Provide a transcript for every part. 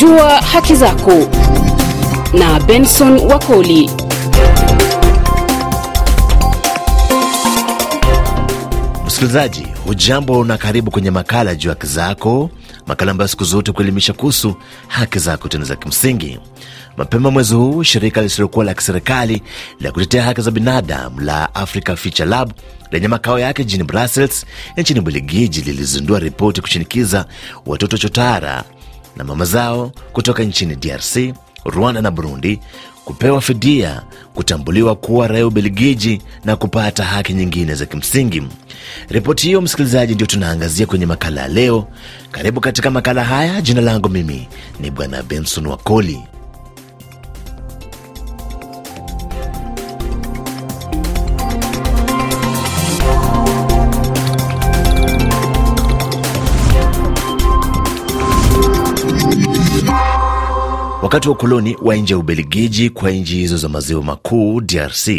Jua haki zako na Benson Wakoli. Msikilizaji, hujambo na karibu kwenye makala Jua haki zako, makala ambayo siku zote kuelimisha kuhusu haki zako tena za kimsingi. Mapema mwezi huu shirika lisilokuwa la kiserikali la kutetea haki za binadamu la Africa Future Lab lenye makao yake jijini Brussels nchini Ubelgiji lilizindua ripoti kushinikiza watoto chotara na mama zao kutoka nchini DRC, Rwanda na Burundi kupewa fidia, kutambuliwa kuwa raia Ubelgiji na kupata haki nyingine za kimsingi. Ripoti hiyo, msikilizaji, ndio tunaangazia kwenye makala ya leo. Karibu katika makala haya. Jina langu mimi ni Bwana Benson Wakoli. Wakati wa ukoloni wa nje ya Ubelgiji kwa nchi hizo za maziwa makuu DRC,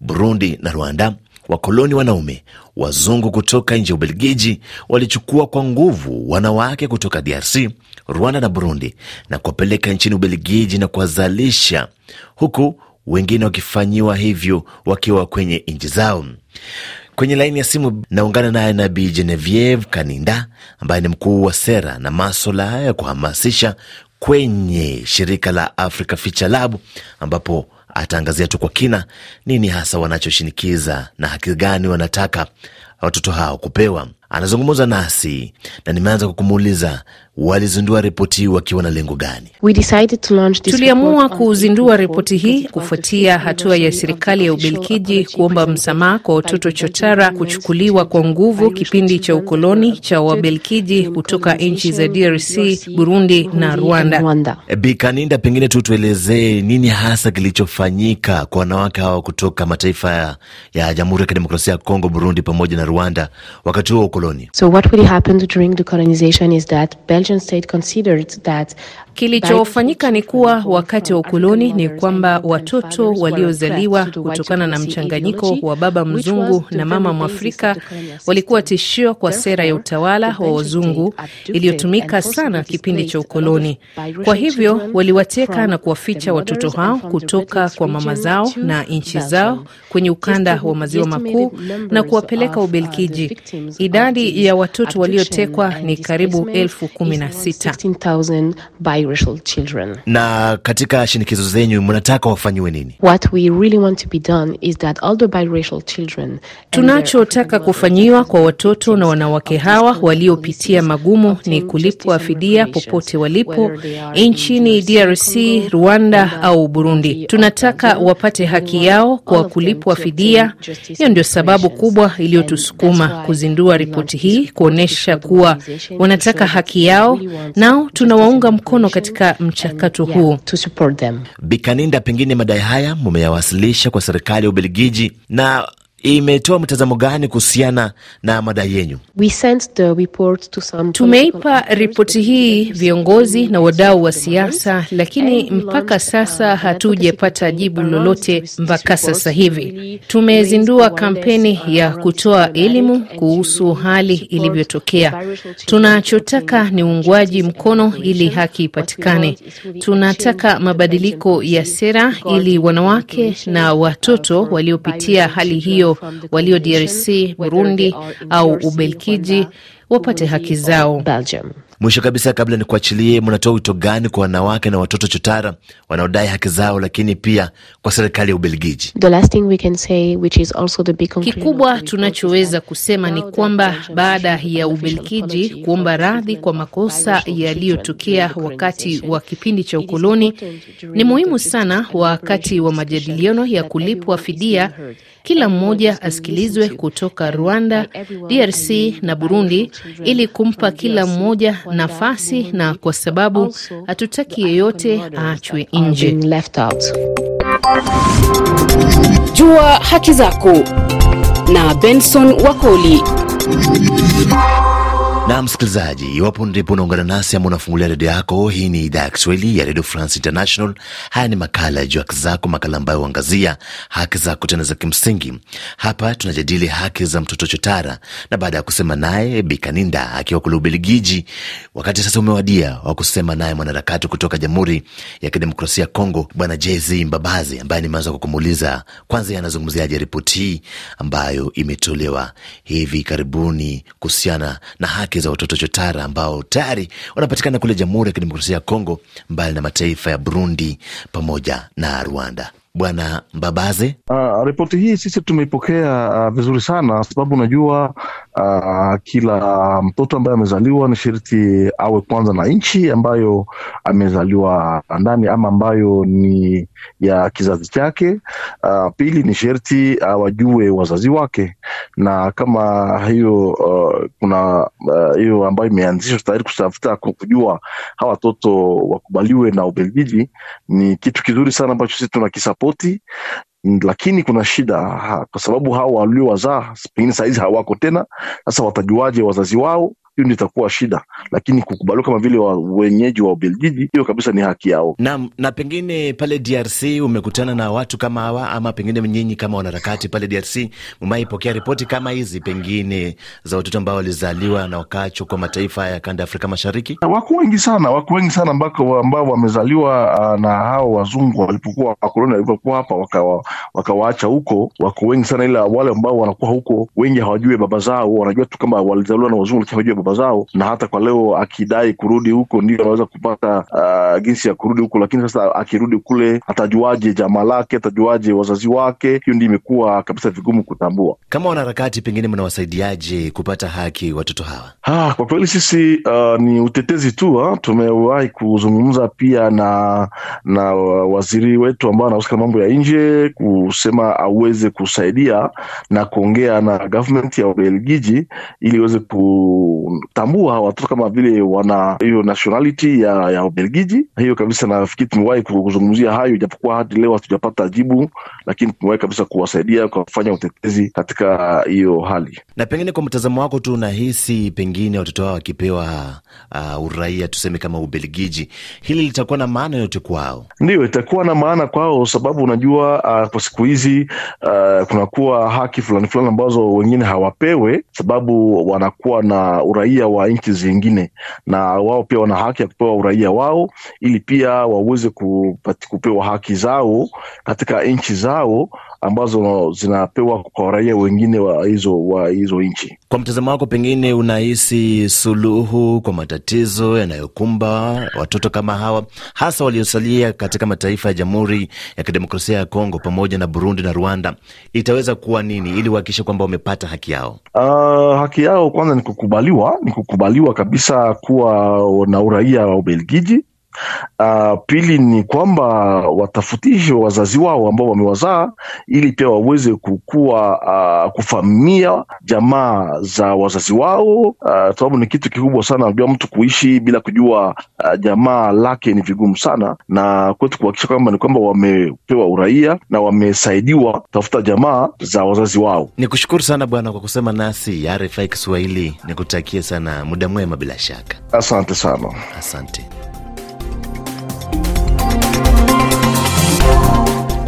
Burundi na Rwanda, wakoloni wanaume wazungu kutoka nje ya Ubelgiji walichukua kwa nguvu wanawake kutoka DRC, Rwanda na Burundi na kuwapeleka nchini Ubelgiji na kuwazalisha, huku wengine wakifanyiwa hivyo wakiwa kwenye nchi zao. Kwenye laini ya simu naungana naye nabi Genevieve Kaninda ambaye ni mkuu wa sera na maswala ya kuhamasisha kwenye shirika la Africa Future Lab ambapo ataangazia tu kwa kina nini hasa wanachoshinikiza na haki gani wanataka watoto hao kupewa anazungumza nasi na nimeanza kwa kumuuliza walizindua ripoti hii wakiwa na lengo gani? Tuliamua kuzindua ripoti hii kufuatia hatua ya serikali ya Ubelgiji kuomba msamaha kwa watoto chotara kuchukuliwa kwa nguvu kipindi cha ukoloni cha Wabelgiji kutoka nchi za DRC, Burundi na Rwanda. Eh, Bikaninda, pengine tu tuelezee nini hasa kilichofanyika kwa wanawake hawa kutoka mataifa ya Jamhuri ya Kidemokrasia ya Kongo, Burundi pamoja na Rwanda wakati huo So what really happened during the colonization is that Belgian state considered that Kilichofanyika ni kuwa wakati wa ukoloni ni kwamba watoto waliozaliwa kutokana na mchanganyiko wa baba mzungu na mama Mwafrika walikuwa tishio kwa sera ya utawala wa wazungu iliyotumika sana kipindi cha ukoloni. Kwa hivyo waliwateka na kuwaficha watoto hao kutoka kwa mama zao na nchi zao kwenye ukanda wa maziwa makuu na kuwapeleka uh, Ubelgiji. Idadi ya watoto waliotekwa ni karibu elfu kumi na sita children. Na katika shinikizo zenyu mnataka wafanyiwe nini? What we really want to be done is that all the biracial children, tunachotaka kufanyiwa kwa watoto na wanawake hawa waliopitia magumu ni kulipwa fidia popote walipo nchini DRC, Rwanda au Burundi. Tunataka wapate haki yao kwa kulipwa fidia. Hiyo ndio sababu kubwa iliyotusukuma kuzindua ripoti hii, kuonyesha kuwa wanataka haki yao, nao tunawaunga mkono katika mchakato huu. Bikaninda, pengine madai haya mumeyawasilisha kwa serikali ya Ubelgiji na imetoa mtazamo gani kuhusiana na madai yenyu? Tumeipa ripoti hii viongozi na wadau wa siasa, lakini mpaka sasa uh, hatujapata jibu lolote. Mpaka sasa hivi tumezindua kampeni ya kutoa elimu kuhusu hali ilivyotokea. Tunachotaka ni uungwaji mkono ili haki ipatikane. Tunataka mabadiliko ya sera ili wanawake na uh, watoto waliopitia hali hiyo walio DRC, Burundi au ubelkiji wapate haki zao Belgium. Mwisho kabisa, kabla ni kuachilie, mnatoa wito gani kwa wanawake na watoto chotara wanaodai haki zao, lakini pia kwa serikali ya Ubelgiji? Kikubwa tunachoweza kusema ni kwamba baada ya Ubelgiji kuomba radhi kwa makosa yaliyotokea wakati wa kipindi cha ukoloni, ni muhimu sana wakati wa majadiliano ya kulipwa fidia kila mmoja asikilizwe kutoka Rwanda, DRC na Burundi ili kumpa kila mmoja nafasi na kwa sababu hatutaki yeyote aachwe nje. Jua haki zako na Benson Wakoli na msikilizaji, iwapo ndipo unaungana nasi ama unafungulia redio yako, hii ni idhaa ya Kiswahili ya Redio France International. Haya ni makala ya Juu Haki Zako, makala ambayo huangazia haki zako tena za kimsingi. Hapa tunajadili haki za mtoto chotara, na baada ya kusema naye Bikaninda akiwa kule Ubelgiji, wakati sasa umewadia wa kusema naye mwanaharakati kutoka Jamhuri ya Kidemokrasia ya Kongo, Bwana JZ Mbabazi, ambaye nimeanza kwa kumuuliza kwanza yanazungumziaje ripoti hii ambayo imetolewa hivi karibuni kuhusiana na haki haki za watoto chotara ambao tayari wanapatikana kule Jamhuri ya Kidemokrasia ya Kongo, mbali na mataifa ya Burundi pamoja na Rwanda. Bwana Mbabaze, uh, ripoti hii sisi tumeipokea uh, vizuri sana, sababu unajua uh, kila mtoto ambaye amezaliwa ni sharti awe kwanza na nchi ambayo amezaliwa ndani ama ambayo ni ya kizazi chake. Uh, pili ni sherti awajue uh, wazazi wake, na kama hiyo uh, kuna hiyo uh, ambayo imeanzishwa tayari kutafuta kujua hawa watoto wakubaliwe na Ubelgiji, ni kitu kizuri sana ambacho sisi tunakisapoti lakini kuna shida ha, kwa sababu hao waliowazaa pengine sahizi hawako tena. Sasa watajuaje wazazi wao hiyo ndio itakuwa shida, lakini kukubaliwa kama vile wa wenyeji wa Ubelgiji, hiyo kabisa ni haki yao. Na, Na pengine pale DRC umekutana na watu kama hawa, ama pengine nyinyi kama wanaharakati pale DRC mmaipokea ripoti kama hizi, pengine za watoto ambao walizaliwa na wakaacho kwa mataifa ya kanda ya Afrika Mashariki? Wako wengi sana, wako wengi sana ambao ambao wamezaliwa ah, na hao wazungu walipokuwa wakoloni, walipokuwa hapa wakawaacha huko, wako wengi sana, ila wale ambao wanakuwa huko wengi hawajui baba zao, wanajua tu kama walizaliwa na wazungu, lakini baba zao, na hata kwa leo akidai kurudi huko ndio anaweza kupata uh, jinsi ya kurudi huko, lakini sasa akirudi kule atajuaje jamaa lake? Atajuaje wazazi wake? Hiyo ndio imekuwa kabisa vigumu kutambua. Kama wanaharakati, pengine mnawasaidiaje kupata haki watoto hawa? Ha, kwa kweli sisi uh, ni utetezi tu tumewahi kuzungumza pia na na waziri wetu ambao anahusika na mambo ya nje kusema aweze kusaidia na kuongea na government ya Ubelgiji ili iweze ku kutambua watoto kama vile wana hiyo nationality ya ya Ubelgiji. Hiyo kabisa nafikiri tumewahi kuzungumzia hayo, ijapokuwa hadi leo hatujapata jibu, lakini tumewahi kabisa kuwasaidia kwa kufanya utetezi katika hiyo hali. Na pengine kwa mtazamo wako tu, unahisi pengine watoto hao wakipewa uh, uraia tuseme kama Ubelgiji, hili litakuwa na maana yote kwao? ndio itakuwa na maana kwao, sababu unajua uh, kwa siku hizi uh, kunakuwa haki fulani fulani ambazo wengine hawapewe, sababu wanakuwa na uraia uraia wa nchi zingine, na wao pia wana haki ya kupewa uraia wao ili pia waweze kupewa haki zao katika nchi zao ambazo zinapewa kwa raia wengine wa hizo wa hizo nchi. Kwa mtazamo wako, pengine unahisi suluhu kwa matatizo yanayokumba watoto kama hawa hasa waliosalia katika mataifa ya Jamhuri ya Kidemokrasia ya Kongo pamoja na Burundi na Rwanda itaweza kuwa nini ili wahakikishe kwamba wamepata haki yao? Uh, haki yao kwanza ni kukubaliwa, ni kukubaliwa kabisa kuwa na uraia wa Ubelgiji Uh, pili ni kwamba watafutishe wazazi wao ambao wamewazaa ili pia waweze kukua, uh, kufamia jamaa za wazazi wao, uh, sababu ni kitu kikubwa sana. Unajua, mtu kuishi bila kujua uh, jamaa lake ni vigumu sana, na kwetu kuhakikisha kwamba ni kwamba wamepewa uraia na wamesaidiwa kutafuta jamaa za wazazi wao. Ni kushukuru sana bwana kwa kusema nasi RFI Kiswahili, nikutakie sana muda mwema. Bila shaka, asante sana, asante.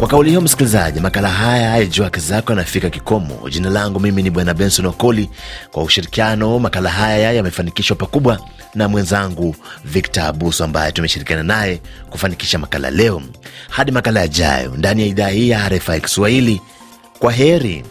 Kwa kauli hiyo, msikilizaji, makala haya ya Jua Haki Zako yanafika kikomo. Jina langu mimi ni Bwana Benson Okoli. Kwa ushirikiano, makala haya yamefanikishwa pakubwa na mwenzangu Victor Abuso ambaye tumeshirikiana naye kufanikisha makala leo. Hadi makala yajayo ndani ya idhaa hii ya RFI Kiswahili, kwa heri.